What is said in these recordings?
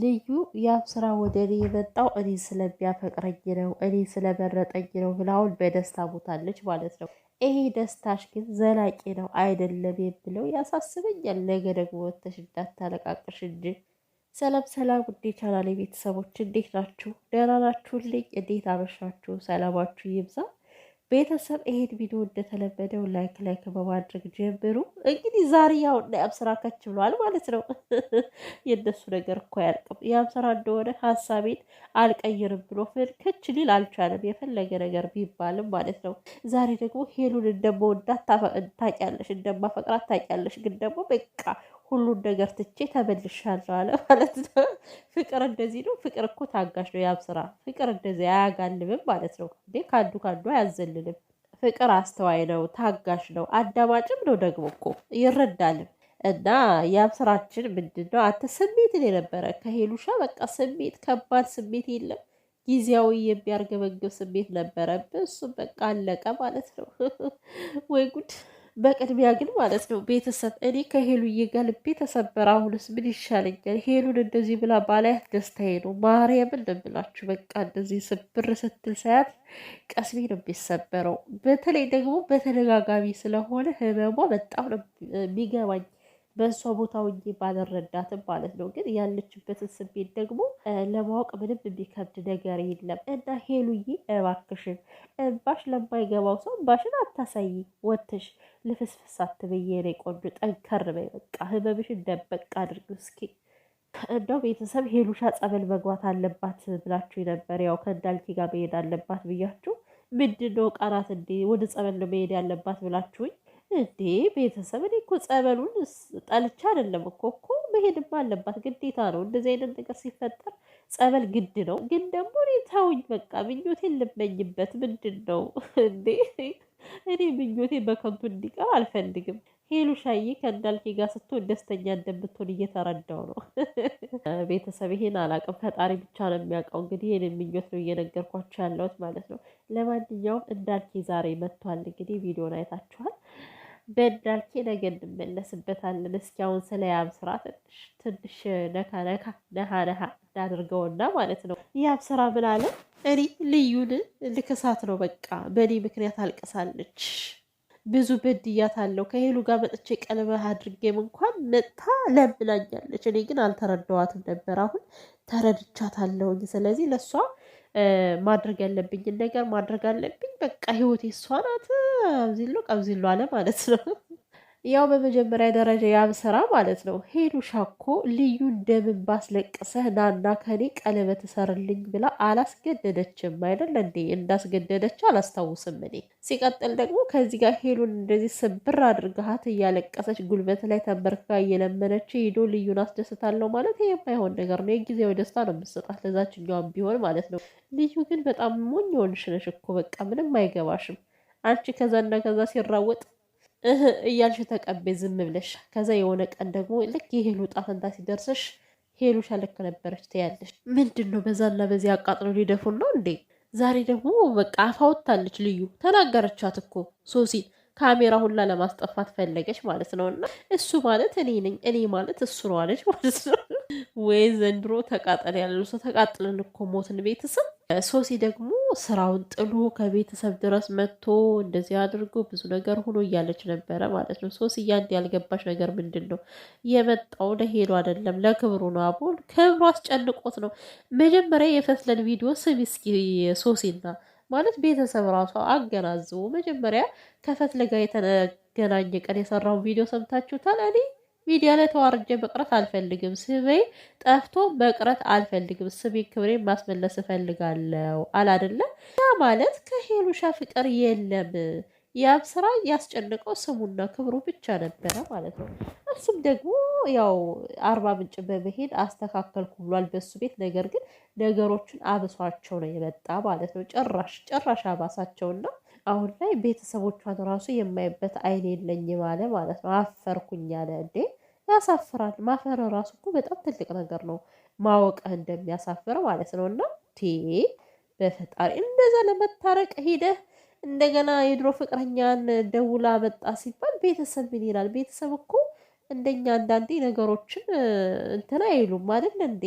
ልዩ ያብ ስራ ወደ እኔ የመጣው እኔ ስለሚያፈቅረኝ ነው፣ እኔ ስለመረጠኝ ነው ብላ በደስታ ቦታለች ማለት ነው። ይሄ ደስታሽ ግን ዘላቂ ነው አይደለም የምለው ያሳስበኛል። ነገ ደግሞ ወተሽ እንዳታለቃቅሽ እንጂ። ሰላም ሰላም፣ እንዴ ቻናል ቤተሰቦች እንዴት ናችሁ? ደህና ናችሁልኝ? እንዴት አመሻችሁ? ሰላማችሁ ይብዛ። ቤተሰብ ይሄን ቪዲዮ እንደተለመደው ላይክ ላይክ በማድረግ ጀምሩ። እንግዲህ ዛሬ ያው ናያብ ስራ ከች ብሏል ማለት ነው። የእነሱ ነገር እኮ አያልቅም። ያም ስራ እንደሆነ ሀሳቤን አልቀይርም ብሎ ፍንክች ሊል አልቻለም፣ የፈለገ ነገር ቢባልም ማለት ነው። ዛሬ ደግሞ ሄሉን እንደመወዳት ታውቂያለሽ፣ እንደማፈቅራት ታውቂያለሽ፣ ግን ደግሞ በቃ ሁሉን ነገር ትቼ ተመልሻለሁ አለ ማለት ነው። ፍቅር እንደዚህ ነው። ፍቅር እኮ ታጋሽ ነው። ያም ስራ ፍቅር እንደዚህ አያጋልምም ማለት ነው። እንዴ ከአንዱ ከአንዱ አያዘልልም። ፍቅር አስተዋይ ነው፣ ታጋሽ ነው፣ አዳማጭም ነው ደግሞ እኮ ይረዳልም። እና ያም ስራችን ምንድን ነው? አንተ ስሜትን የነበረ ከሄሉሻ በቃ ስሜት ከባድ ስሜት የለም ጊዜያዊ የሚያርገበግብ ስሜት ነበረብህ። እሱም በቃ አለቀ ማለት ነው። ወይ ጉድ! በቅድሚያ ግን ማለት ነው ቤተሰብ እኔ ከሄሉዬ ጋር ልቤ ተሰበረ። አሁንስ ምን ይሻለኛል? ሄሉን እንደዚህ ብላ ባላያት ደስታዬ ነው። ማርያምን ነው የምላችሁ። በቃ እንደዚህ ስብር ስትል ሳያት ቀስሜ ነው የሚሰበረው። በተለይ ደግሞ በተደጋጋሚ ስለሆነ ህመሟ በጣም ነው የሚገባኝ። በእሷ ቦታ ውዬ ባልረዳትም ማለት ነው። ግን ያለችበትን ስሜት ደግሞ ለማወቅ ምንም የሚከብድ ነገር የለም እና ሄሉዬ፣ እባክሽን እባሽ ለማይገባው ሰው ባሽን አታሳይ። ወትሽ ልፍስፍስ አትበይ የኔ ቆንጆ፣ ጠንከር በይ። በቃ ህመምሽን ደበቅ አድርግ እስኪ። እንደው ቤተሰብ ሄሉሻ ጸበል መግባት አለባት ብላችሁ ነበር። ያው ከእንዳልኪ ጋር መሄድ አለባት ብያችሁ ምንድነው ቃራት እንዴ ወደ ጸበል ነው መሄድ ያለባት ብላችሁኝ እንዴ ቤተሰብ፣ እኔ እኮ ጸበሉን ጠልቻ አይደለም እኮ እኮ መሄድማ አለባት ግዴታ ነው። እንደዚህ አይነት ነገር ሲፈጠር ጸበል ግድ ነው። ግን ደግሞ እኔ ታውኝ በቃ ምኞቴን ልመኝበት ምንድን ነው እንዴ? እኔ ምኞቴ በከንቱ እንዲቀር አልፈልግም። ሄሉ ሻዬ ከእንዳልኪ ጋር ስትሆን ደስተኛ እንደምትሆን እየተረዳው ነው። ቤተሰብ ይሄን አላውቅም፣ ፈጣሪ ብቻ ነው የሚያውቀው። እንግዲህ ይህን ምኞት ነው እየነገርኳቸው ያለሁት ማለት ነው። ለማንኛውም እንዳልኪ ዛሬ መጥቷል። እንግዲህ ቪዲዮን አይታችኋል። በዳልኬ ነገ እንመለስበታለን። እስኪ አሁን ስለ ያብ ስራ ትንሽ ትንሽ ነካ ነካ ነሃ ነሃ ማለት ነው። ያብ ስራ ምን አለ? እኔ ልዩን ልክሳት ነው በቃ በእኔ ምክንያት አልቅሳለች። ብዙ በድያት አለው። ከሄሉ ጋር መጥቼ ቀለበ አድርጌም እንኳን መጥታ ለምናኛለች። እኔ ግን አልተረዳዋትም ነበር። አሁን ተረድቻታለሁኝ። ስለዚህ ለእሷ ማድረግ ያለብኝን ነገር ማድረግ አለብኝ። በቃ ህይወቴ እሷ ናት። አብዚሎ ቀብዚሎ አለ ማለት ነው። ያው በመጀመሪያ ደረጃ ያም ስራ ማለት ነው ሄሉሻ እኮ ልዩ እንደምባ አስለቅሰህ ናና ከኔ ቀለበት እሰርልኝ ብላ አላስገደደችም አይደል እንዴ? እንዳስገደደች አላስታውስም እኔ። ሲቀጥል ደግሞ ከዚህ ጋር ሄሉን እንደዚህ ስብር አድርገሃት እያለቀሰች ጉልበት ላይ ተንበርክካ እየለመነች ሂዶ ልዩን አስደስታለሁ ማለት ይሄ የማይሆን ነገር ነው። የጊዜያዊ ደስታ ነው የምትሰጣት ለዛችኛዋም ቢሆን ማለት ነው። ልዩ ግን በጣም ሞኝ ሆንሽ ነሽ እኮ በቃ ምንም አይገባሽም አንቺ ከዛና ከዛ ሲራወጥ እያልሽ ተቀቤ ዝም ብለሽ ከዛ የሆነ ቀን ደግሞ ልክ የሄሉ ዕጣ ፈንታ ሲደርስሽ ሄሉሻ ልክ ነበረች ትያለሽ። ምንድን ነው በዛና በዚህ አቃጥሎ ሊደፉን ነው እንዴ? ዛሬ ደግሞ በቃ አፋውታለች። ልዩ ተናገረቻት እኮ ሶሲ ካሜራ ሁላ ለማስጠፋት ፈለገች ማለት ነው። እና እሱ ማለት እኔ ነኝ፣ እኔ ማለት እሱ ነው አለች ማለት ነው። ወይ ዘንድሮ ተቃጠል ያለው ሰው ተቃጥለን እኮ ሞትን። ቤተሰብ ሶሲ ደግሞ ስራውን ጥሎ ከቤተሰብ ድረስ መጥቶ እንደዚህ አድርጎ ብዙ ነገር ሆኖ እያለች ነበረ ማለት ነው። ሶሲ እያንድ ያልገባሽ ነገር ምንድን ነው? የመጣው ለሄዱ አይደለም ለክብሩ ነው። አቦል ክብሩ አስጨንቆት ነው። መጀመሪያ የፈትለን ቪዲዮ ስሚ እስኪ ሶሲና ማለት ቤተሰብ ራሷ አገናዝቡ። መጀመሪያ ከፈትለ ጋር የተገናኘ ቀን የሰራውን ቪዲዮ ሰምታችሁታል እኔ ሚዲያ ላይ ተዋርጄ መቅረት አልፈልግም። ስሜ ጠፍቶ መቅረት አልፈልግም። ስሜ ክብሬ ማስመለስ እፈልጋለሁ አላደለ ያ ማለት ከሄሉሻ ፍቅር የለም። ያም ስራ ያስጨነቀው ስሙና ክብሩ ብቻ ነበረ ማለት ነው። እሱም ደግሞ ያው አርባ ምንጭ በመሄድ አስተካከልኩ ብሏል በሱ ቤት። ነገር ግን ነገሮችን አብሷቸው ነው የመጣ ማለት ነው። ጭራሽ ጭራሽ አባሳቸውና አሁን ላይ ቤተሰቦቿን ራሱ የማይበት አይን የለኝ ማለ ማለት ነው። አፈርኩኝ አለ እንዴ! ያሳፍራል። ማፈር ራሱ እኮ በጣም ትልቅ ነገር ነው። ማወቅህ እንደሚያሳፍር ማለት ነው። እና በፈጣሪ እንደዛ ለመታረቅ ሂደህ እንደገና የድሮ ፍቅረኛን ደውላ መጣ ሲባል ቤተሰብ ምን ይላል? ቤተሰብ እኮ እንደኛ አንዳንዴ ነገሮችን እንትን አይሉም አይደል እንዴ?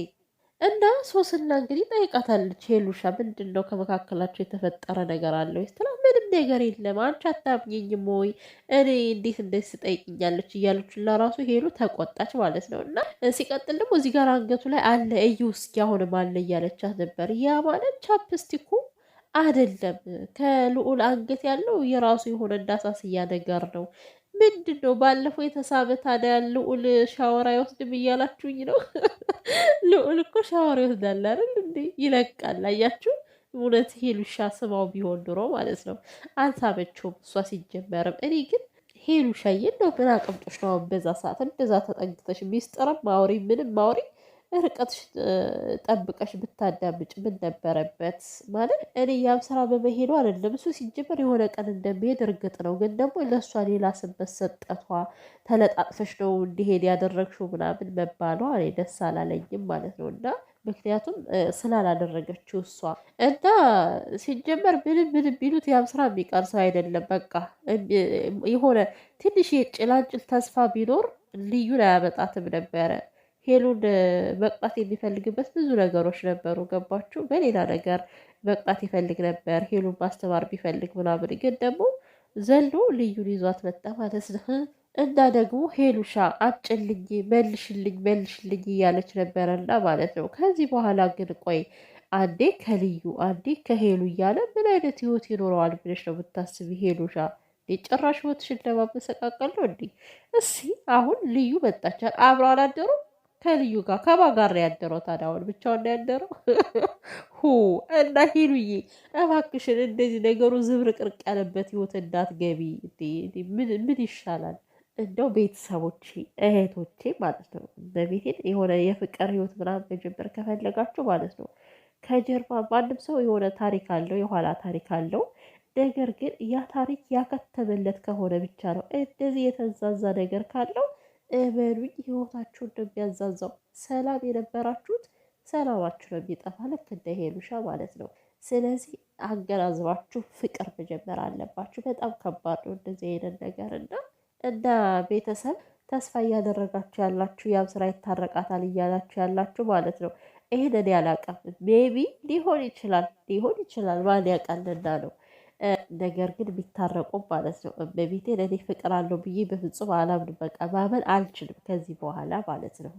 እና ሶስና እንግዲህ ጠይቃታለች። ሄሉሻ ምንድን ነው ከመካከላቸው የተፈጠረ ነገር አለ ወይ ስትላት ምንም ነገር የለም አንቺ አታምኘኝም ወይ እኔ እንዴት እንደዚህ ስጠይቅኛለች እያለች ለራሱ ሄሉ ተቆጣች ማለት ነው። እና ሲቀጥል ደግሞ እዚህ ጋር አንገቱ ላይ አለ እዩ እስኪ አሁንም አለ እያለቻት ነበር። ያ ማለት ቻፕስቲኩ አይደለም ከልዑል አንገት ያለው የራሱ የሆነ እንዳሳስያ ነገር ነው። ምንድን ነው ባለፈው የተሳበ ታዲያ ልዑል ሻወራ ይወስድም እያላችሁኝ ነው? ልዑል እኮ ሻወር ይወስዳል አይደል እንዴ? ይለቃል። አያችሁ፣ እውነት ሄሉሻ ስማው ቢሆን ኑሮ ማለት ነው። አልሳበችውም እሷ ሲጀመርም። እኔ ግን ሄሉሻ የለው ምን አቅምጦች ነው በዛ ሰዓት እንደዛ ተጠግተሽ ሚስጥርም ማውሪ ምንም ማውሪ ርቀትሽ ጠብቀሽ ብታዳምጭ ምን ነበረበት? ማለት እኔ ያም ስራ በመሄዱ አይደለም እሱ ሲጀመር የሆነ ቀን እንደሚሄድ እርግጥ ነው። ግን ደግሞ ለእሷ ሌላ ስበት ሰጠቷ ተለጣጥፈሽ ነው እንዲሄድ ያደረግሽው ምናምን መባሏ እኔ ደስ አላለኝም ማለት ነው እና ምክንያቱም ስላላደረገችው እሷ እና ሲጀመር ምንም ምንም ቢሉት ያም ስራ የሚቀር ሰው አይደለም። በቃ የሆነ ትንሽ የጭላንጭል ተስፋ ቢኖር ልዩን አያመጣትም ነበረ። ሄሉን መቅጣት የሚፈልግበት ብዙ ነገሮች ነበሩ። ገባችሁ? በሌላ ነገር መቅጣት ይፈልግ ነበር፣ ሄሉን ማስተማር ቢፈልግ ምናምን። ግን ደግሞ ዘሎ ልዩን ይዟት መጣ ማለት ነው። እና ደግሞ ሄሉሻ አጭልኝ፣ መልሽልኝ፣ መልሽልኝ እያለች ነበረና ማለት ነው። ከዚህ በኋላ ግን ቆይ አንዴ ከልዩ አንዴ ከሄሉ እያለ ምን አይነት ህይወት ይኖረዋል ብለሽ ነው ብታስቢ ሄሉሻ ጭራሽ ህይወትሽን ለማመሰቃቀል ነው እንዲህ። እስኪ አሁን ልዩ መጣቻል፣ አብረው አላደሩም ከልዩ ጋር ከባ ጋር ያደረው ታዲያ አሁን ብቻውን ያደረው ሁ እና ሂሉዬ እባክሽን እንደዚህ ነገሩ ዝብርቅርቅ ያለበት ህይወት እንዳትገቢ። ምን ይሻላል እንደው ቤተሰቦቼ እህቶቼ ማለት ነው በቤቴን የሆነ የፍቅር ህይወት ምናምን መጀመር ከፈለጋችሁ ማለት ነው ከጀርባ ማንም ሰው የሆነ ታሪክ አለው፣ የኋላ ታሪክ አለው። ነገር ግን ያ ታሪክ ያከተመለት ከሆነ ብቻ ነው እንደዚህ የተንዛዛ ነገር ካለው እበሉኝ ህይወታችሁን ነው የሚያዛዛው። ሰላም የነበራችሁት ሰላማችሁ ነው የሚጠፋ። ልክ እንደ ሄሉሻ ማለት ነው። ስለዚህ አገናዝባችሁ ፍቅር መጀመር አለባችሁ። በጣም ከባድ ነው እንደዚህ አይነት ነገር እና እና ቤተሰብ ተስፋ እያደረጋችሁ ያላችሁ ያም ስራ ይታረቃታል እያላችሁ ያላችሁ ማለት ነው። ይህንን ያላቀም ሜቢ ሊሆን ይችላል ሊሆን ይችላል ማን ያቀልና ነው ነገር ግን ቢታረቁ ማለት ነው በቤቴ ለእኔ ፍቅር አለው ብዬ በፍጹም አላምንም። በቃ ማመን አልችልም ከዚህ በኋላ ማለት ነው።